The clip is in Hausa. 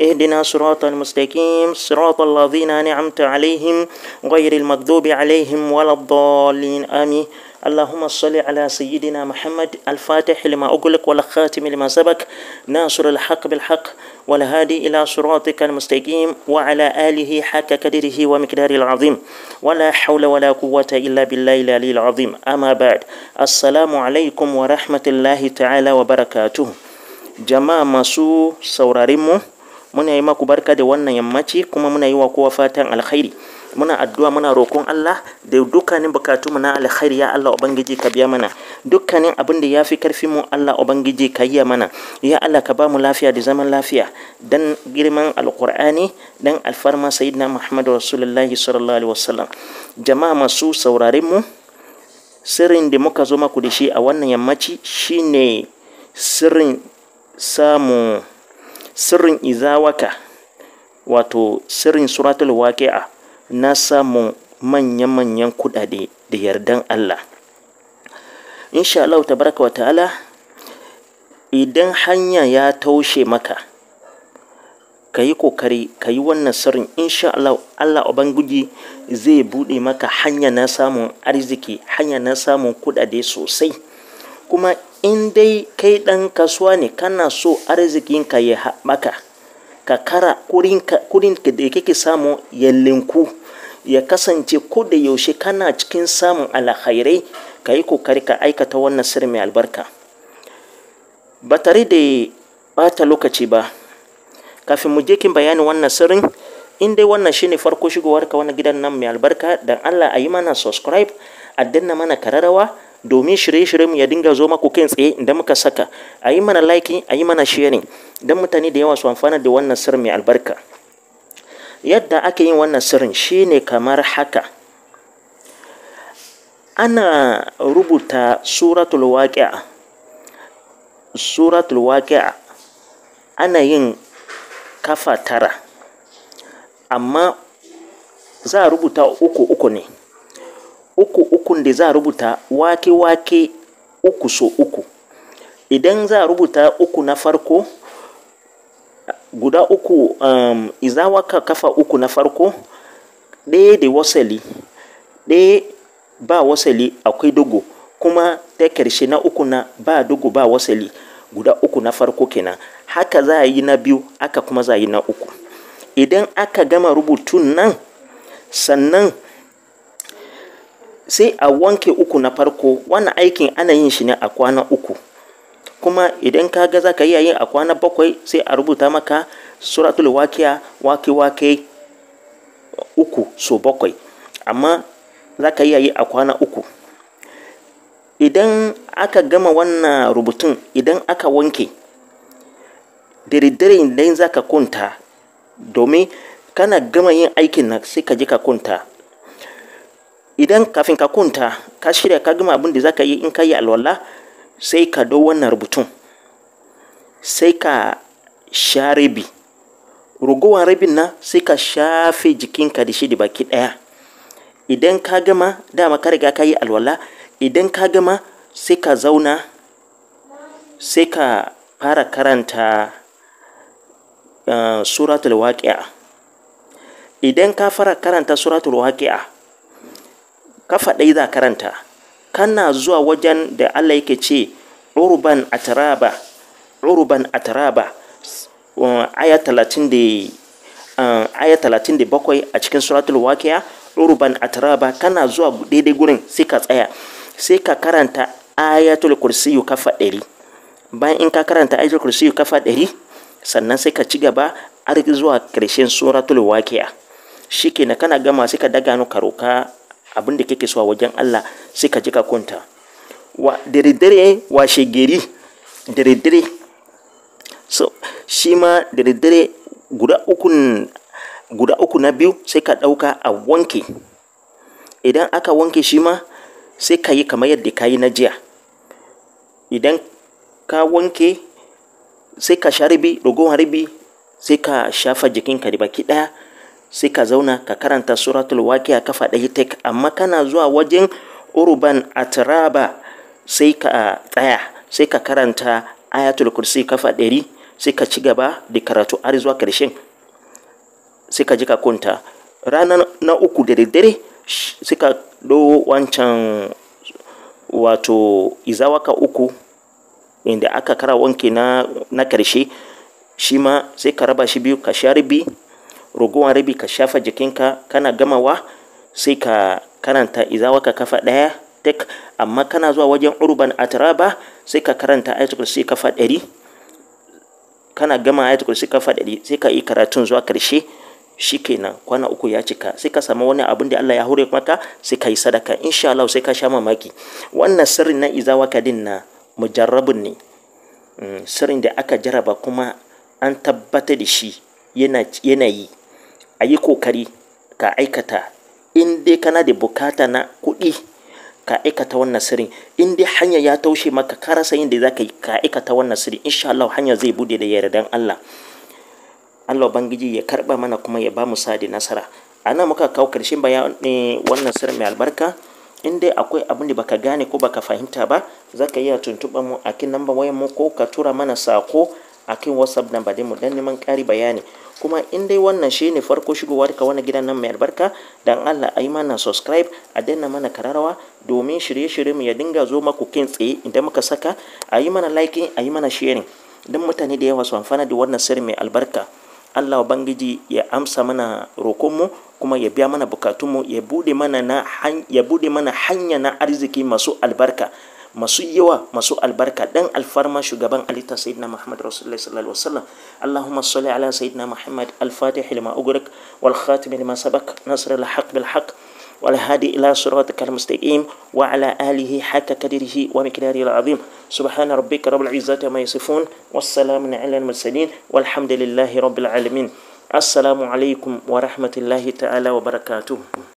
اهدنا صراط المستقيم صراط الذين نعمت عليهم غير المغضوب عليهم ولا الضالين آمين اللهم صل على سيدنا محمد الفاتح لما أغلق والخاتم لما سبق ناصر الحق بالحق والهادي إلى صراطك المستقيم وعلى آله حق قدره ومقداره العظيم ولا حول ولا قوة إلا بالله العلي العظيم أما بعد السلام عليكم ورحمة الله تعالى وبركاته جماعة مسو سورارمو muna yi maku barka da wannan yammaci kuma muna yi wa kowa fatan alkhairi muna addu'a muna roƙon Allah da dukkanin bukatu mu na alkhairi ya Allah ubangiji ka biya mana dukkanin abin da yafi karfi mu Allah ubangiji ka yi mana ya Allah ka ba mu lafiya da zaman lafiya dan girman alqur'ani dan alfarma sayyidina Muhammad rasulullahi sallallahu alaihi wasallam jama'a masu sauraren mu sirrin da muka zo maku da shi a wannan yammaci shine sirrin samu sirrin izawaka wato sirrin suratul waqi'a na samun manya-manyan kuɗaɗe da yardan Allah insha Allah tabaraka wa ta'ala idan hanya ya taushe maka ka yi kokari ka yi wannan sirrin insha Allah Allah ubangiji zai buɗe maka hanya na samun arziki hanya na samun kuɗaɗe sosai kuma in dai kai ɗan kasuwa ne kana so arzikinka ya haɓaka ka kara kurin da kake samu ya linku ya kasance ko da yaushe kana cikin samun alkhairai ka yi kokari ka aikata wannan sir mai albarka ba tare da bata lokaci ba kafin mu je kin bayani wannan sirrin in dai wannan shine farko shigowar ka gidan nan mai albarka dan Allah a yi mana subscribe a danna mana kararrawa domin shirye-shirye mu ya dinga zo maku kai tsaye idan muka saka a yi mana liking a yi mana sharing don mutane da yawa su amfana da wannan sirri mai albarka yadda ake yin wannan sirrin shine kamar haka ana rubuta suratul waqi'a suratul ana yin kafa tara amma za a rubuta uku uku ne uku uku da za rubuta wake wake uku so uku idan za rubuta uku na farko guda uku um, iza waka kafa uku na farko ɗaya da wasali ɗaya ba wasali akwai dogo kuma ta karshe na uku na ba dogo ba wasali guda uku na farko kenan haka za a yi na biyu aka kuma za a yi na uku idan aka gama rubutun nan sannan sai a wanke uku na farko wannan aikin ana yin shi ne a kwana uku kuma idan ka ga zaka ka iya yin a kwana bakwai sai a rubuta maka suratul wakiya wake wake uku so bakwai amma za ka iya yi a kwana uku idan aka gama wannan rubutun idan aka wanke dare idan za ka kunta domin kana gama yin aikin na sai ka je ka kunta idan kafin ka kunta ka shirya ka gama abin da za ka yi in ka yi alwala sai ka dau wannan rubutun sai ka sha rabi ruguwan rabin na sai ka shafe jikinka da shi da baki ɗaya idan ka gama dama ka riga ka yi alwala idan ka gama sai ka zauna sai ka fara karanta eh, suratul waqi'a idan ka fara karanta suratul waqi'a kafa ɗai za karanta kana zuwa wajen da Allah yake ce urban atraba urban atraba aya talatin da bakwai a cikin suratul waqiya urban atraba kana zuwa daidai gurin sai ka tsaya sai ka karanta ayatul kursiyu kafa ɗari. bayan in ka karanta ayatul kursiyu kafa ɗari. sannan sai ka ci gaba har zuwa ƙarshen suratul wakiya. shikenan kana gama sai ka daga no karoka abin da kake so a wajen Allah sai ka ji ka kwanta wa dare dare washe gari dare dare so shi ma dare dare guda uku guda uku na biyu sai ka ɗauka a wanke idan aka wanke shi ma sai ka yi kamar yadda ka yi na jiya idan ka wanke sai ka sha ribi ragowar ribi sai ka shafa jikinka da baki ɗaya sai ka zauna ka karanta suratul waqi'a kafa ɗaya tek amma kana zuwa wajen urban atraba sai ka tsaya sai ka karanta ayatul kursi kafa ɗari sai ka ci gaba da karatu har zuwa ƙarshen sai ka ji ka kunta ranar na uku da daddare sai ka ɗo wancan wato izawaka uku inda aka kara wanke na, karshe shi ma sai ka raba shi biyu ka sha ribi ragowar rabi ka shafa jikinka kana gamawa sai ka karanta izawaka kafa ɗaya tek amma kana zuwa wajen urban atraba sai ka karanta ayatul kursi kafa ɗari kana gama ayatul kursi kafa ɗari sai ka yi karatun zuwa karshe shikenan kwana uku ya cika sai ka samu wani abin da Allah ya hore maka sai ka yi sadaka insha Allah sai ka sha mamaki wannan sirrin na izawaka din na mujarrabun ne mm, sirrin da aka jaraba kuma an tabbata da shi yana yi a yi kokari ka aikata in dai kana da bukata na kuɗi ka aikata wannan sirrin in dai hanya ya taushe maka ka rasa yin da za ka yi ka aikata wannan sirrin. insha Allah hanya zai bude da yardan Allah Allah bangiji ya karba mana kuma ya ba mu sadi nasara ana muka kawo karshen bayani eh, wannan sirrin mai albarka in dai akwai abin da baka gane ko baka fahimta ba za ka iya tuntuɓa mu a kin namba wayan mu ko ka tura mana sako akan whatsapp na ba mu dan neman ƙari bayani kuma in dai wannan shine farko shigowar ka wani gidan nan mai albarka dan Allah ayi mana subscribe a danna mana kararawa domin shirye-shirye mu ya dinga zo maku kin tsaye idan muka saka ayi mana liking ayi mana sharing dan mutane da yawa su amfana da wannan sirri mai albarka Allah Ubangiji ya amsa mana mu kuma ya biya mana bukatunmu ya bude mana hanya na arziki masu albarka masu yawa masu albarka dan alfarma shugaban alita sayyidina muhammad rasulullah sallallahu alaihi wasallam allahumma salli ala sayyidina muhammad al-fatih lima ugrak wal khatim lima sabak nasr al-haq bil haqq والهادي إلى صراطك المستقيم وعلى آله حق قدره ومقداره العظيم سبحان ربك رب العزة ما يصفون والسلام على المرسلين والحمد لله رب العالمين السلام عليكم ورحمة الله تعالى وبركاته